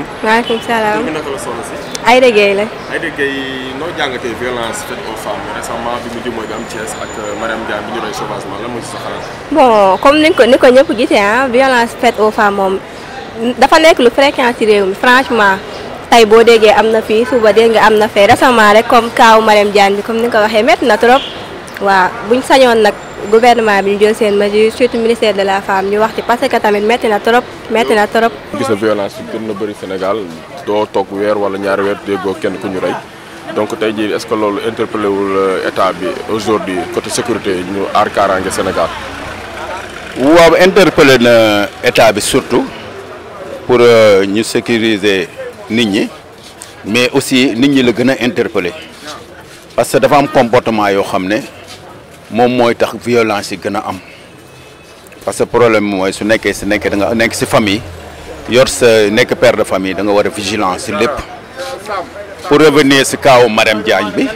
salaamaaleykum. maaleykum salaam. naka euh, comme ni ko ni ko ñëpp gisee ah violence faite aux femmes moom dafa nekk lu fréquent ci réew mi franchement tey boo déggee am na fi suba dégg nga am na fee récemment rek comme kaaw Mariam Diagne bi comme ni ko waxee met na trop waa buñ sañoon nag. gouvernement bi ñu jël seen mesure surtout ministère de la femme ñu wax ci parce que tamit métti na trop métti na trop. gis na violence bi na bëri Sénégal doo toog weer wala ñaari weer déggoo kenn ku ñu rey donc tey jii est que loolu interpellé wul euh, état bi aujourd'hui côté sécurité ñu aar kaaraange Sénégal. waaw interpellé na état bi surtout pour euh, ñu sécuriser nit ñi mais aussi nit ñi la gën a interpellé parce que dafa am comportement yoo xam ne. moom mooy tax violence yi gën a am parce que problème mooy su nekkee si nekkee danga nekk si famille yor sa nekk père de famille danga war a vigilance si lépp pour revenir si kaaw Marème Diagne bi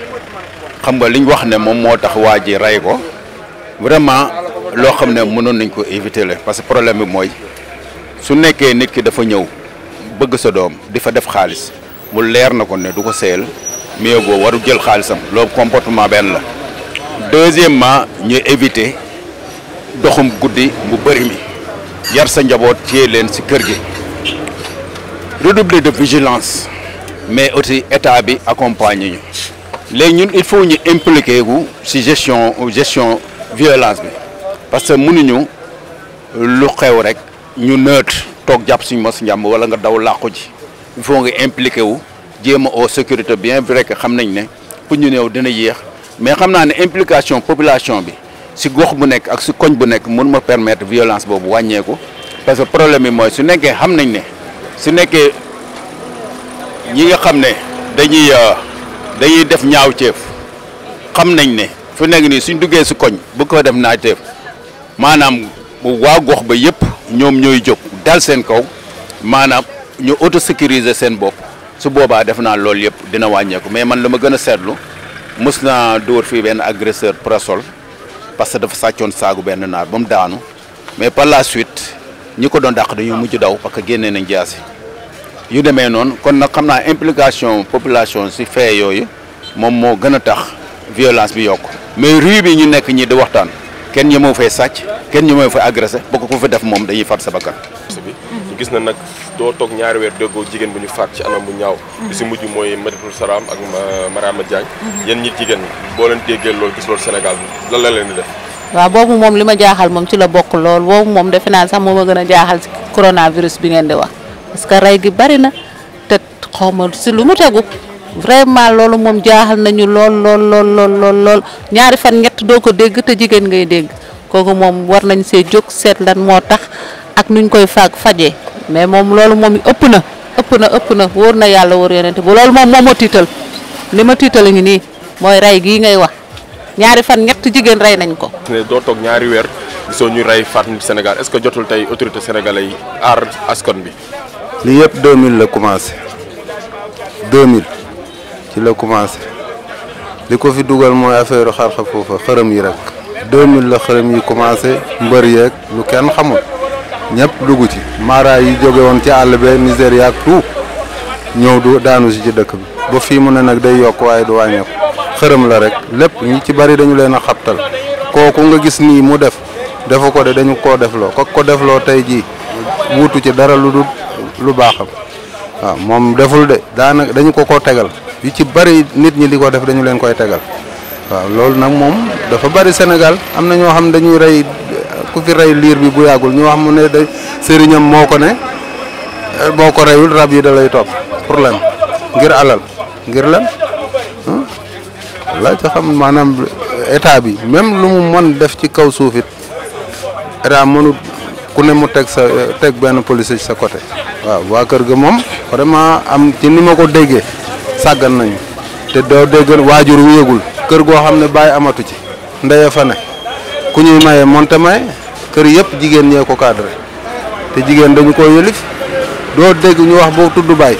xam nga li wax ne moom moo tax waa ji rey ko vraiment loo xam ne mënoon nañ ko éviter la parce que problème bi mooy su nekkee nit ki dafa ñëw bëgg sa doom di fa def xaalis mu leer na ko ne du ko seyal mieux vaut waru jël xaalisam loo comportement benn la deuxièmement ñu éviter doxum guddi bu bëri mi yar sa njaboot téye leen ci kër gi redoubler de vigilance mais aussi état bi accompagne ñu léegi ñun il faut ñu impliquer wu ci gestion gestion violence bi parce que mënuñu lu xew rek ñu neutre toog jàpp suñu mos njàmb wala nga daw làqu ji il faut ngi impliqué wu jéem a au sécurité bien vrai que xam nañ ne pour ñu néew dina yéex. mais xam naa ne implication population bi si gox bu nekk ak si koñ bu nekk mun ma permettre violence boobu wàññeeku parce que problème bi mooy su nekkee xam nañ ne su nekkee ñi nga xam ne dañuy euh, dañuy def ñaaw ceef xam nañ ne fu nekk nii suñ duggee si koñ bu ko def naa teef maanaam waa gox ba yëpp ñoom ñooy jóg dal seen kaw maanaam ñu auto sécuriser seen bopp su boobaa def naa loolu yëpp dina wàññeeku mais man la ma gën a seetlu mës naa dóor fii benn agresseur pressol parce que dafa sàccoon saagu benn naar ba mu daanu mais par la suite ñi ko doon dàq dañu mujj daw parce que génnee nañ jaasi yu demee noonu kon nag xam naa implication population si fee yooyu moom moo gën a tax violence bi yokk mais rue bi ñu nekk ñi di waxtaan kenn ñi moo fay sàcc kenn ñi moo fay agressé bokk ko fi def moom dañuy far sa bakkan gis na nag doo toog ñaari weer déggoo jigéen bu ñu faat ci anam bu ñaaw mhm. bi si mujj mooy Maditul Saram ak Marama Diagne mhm. yéen ñi jigéen boo leen déggee loolu gis loolu Sénégal lan la def waaw boobu moom li ma jaaxal moom ci la bokk lool boobu moom defe naa sax moo ma gën a jaaxal ci coronavirus bi ngeen di wax parce que rey gi bari na te xaw ma si lu mu tegu vraiment loolu moom jaaxal nañu lool lool lool lool lool lool ñaari fan ñett doo ko dégg te jigéen ngay dégg kooku moom war nañ see jóg seet lan moo tax ak nuñ koy faag fajee mais moom loolu moom ëpp na ëpp na ëpp na wóor na yàlla wóor yonente bu loolu moom moom ma tiital li ma tiital ngi nii mooy rey gii ngay wax ñaari fan ñett jigéen rey nañ ko. ne doo toog ñaari weer soo ñu rey faat nit Sénégal est-ce que jotul tey autorité sénégalais yi aar askon bi. lii yëpp 2000 la commencé 2000 ci la commencé li ko fi dugal mooy affaire xarxa foofa xërëm yi rek 2000 la xërëm yi commencé mbër yeeg lu kenn xamul. ñëpp dugg ci mara yi jóge woon ci àll be Nigéria ak tout ñëw du daanu si ci dëkk bi boo fii mu ne nag day yokk waaye du wàññeeku xërëm la rek lépp ñi ci bari dañu leen a xabtal kooku nga gis nii mu def dafa ko dañu koo defloo ko ko defloo tey jii wutu ci dara lu du lu baaxam waaw moom deful de daanaka dañu ko ko tegal yu ci bari nit ñi di ko def dañu leen koy tegal waaw loolu nag moom dafa bari Sénégal am na ñoo xam dañuy rey ku fi rey liir bi bu yàggul ñu wax mu ne day sëriñam moo ko ne eh, boo ko reyul rab yi da lay topp pour lan ngir alal ngir lan hmm? la ca xam maanaam état bi même lu mu mën def ci kaw suufit it mënut ku ne mu teg sa teg benn policier ci sa côté waaw waa kër ga moom vraiment am ci ni ma ko déggee sàggan nañu te doo dégg waajur wu yëgul kër goo xam ne bàyyi amatu ci ndeye fa ne ku ñuy maye monte may kër yëpp jigéen ñee ko cadré te jigéen dañu ko yëlif doo dégg ñu wax boo tudd baay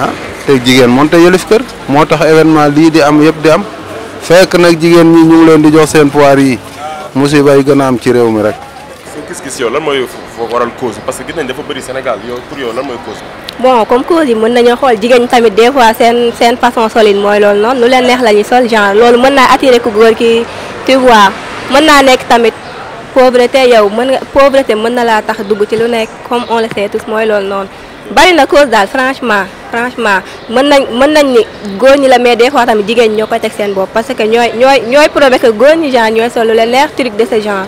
ah te jigéen moom te yëlif kër moo tax événement lii di am yëpp di am fekk nag jigéen ñi ñu ngi leen di jox seen pouvoir yi musiba yi gën a am ci réew mi rek. soo gis-gis yow lan mooy waral cause parce que gis nañ dafa bëri Sénégal yow pour yow lan mooy cause bi. bon comme cause yi mën nañoo xool jigéen tamit des fois seen seen façon solin mooy loolu noonu lu leen neex la ñuy sol genre loolu mën naa attirer ku naa nekk tamit. pauvreté yow mën nga pauvreté mën na laa tax dugg ci lu nekk comme on le sait tous mooy loolu noonu bari na cause daal franchement franchement mën nañ mën nañ ni góor ñi la mais des fois tamit jigéen ñi ñoo koy teg seen bopp parce que ñooy ñooy ñooy prouvé que góor ñi genre ñooy solo le leer truc de ce genre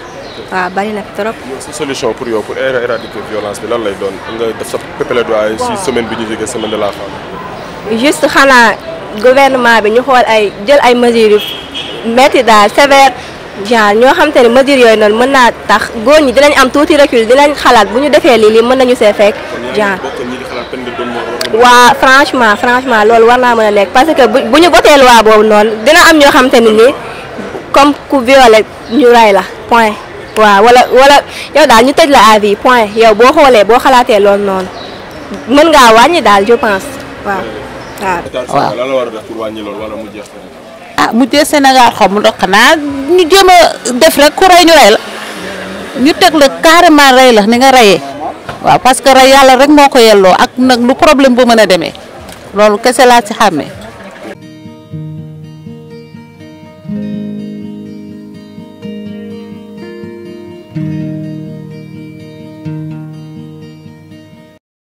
waaw bari na trop. sa solution pour yow pour er-, éradiquer violence bi lan lay doon juste xanaa gouvernement bi ñu xool ay jël ay mesures yu daal sévère. jaar ñoo xam te ne mesure yooyu noonu mën naa tax góor ñi dinañ am tuuti recul dinañ xalaat bu ñu defee lii lii mën nañu see fekk jaar waa franchement franchement loolu war naa mën a nekk parce que bu ñu botee waa boobu noonu dina am ñoo xam te ne nii comme ku violé ñu rey la point waaw wala wala yow daal ñu tëj la à vie point yow boo xoolee boo xalaatee loolu noonu mën ngaa wàññi daal je pense waaw waaw. mu jeex ah mujjee Sénégal xaw ma ndox xanaa ñu jéem def rek ku rey ñu rey la ñu teg la carément rey la ni nga reyee waaw parce que rey yàlla rek moo ko yelloo ak nag lu problème bu mën a demee loolu kese laa ci xàmmee.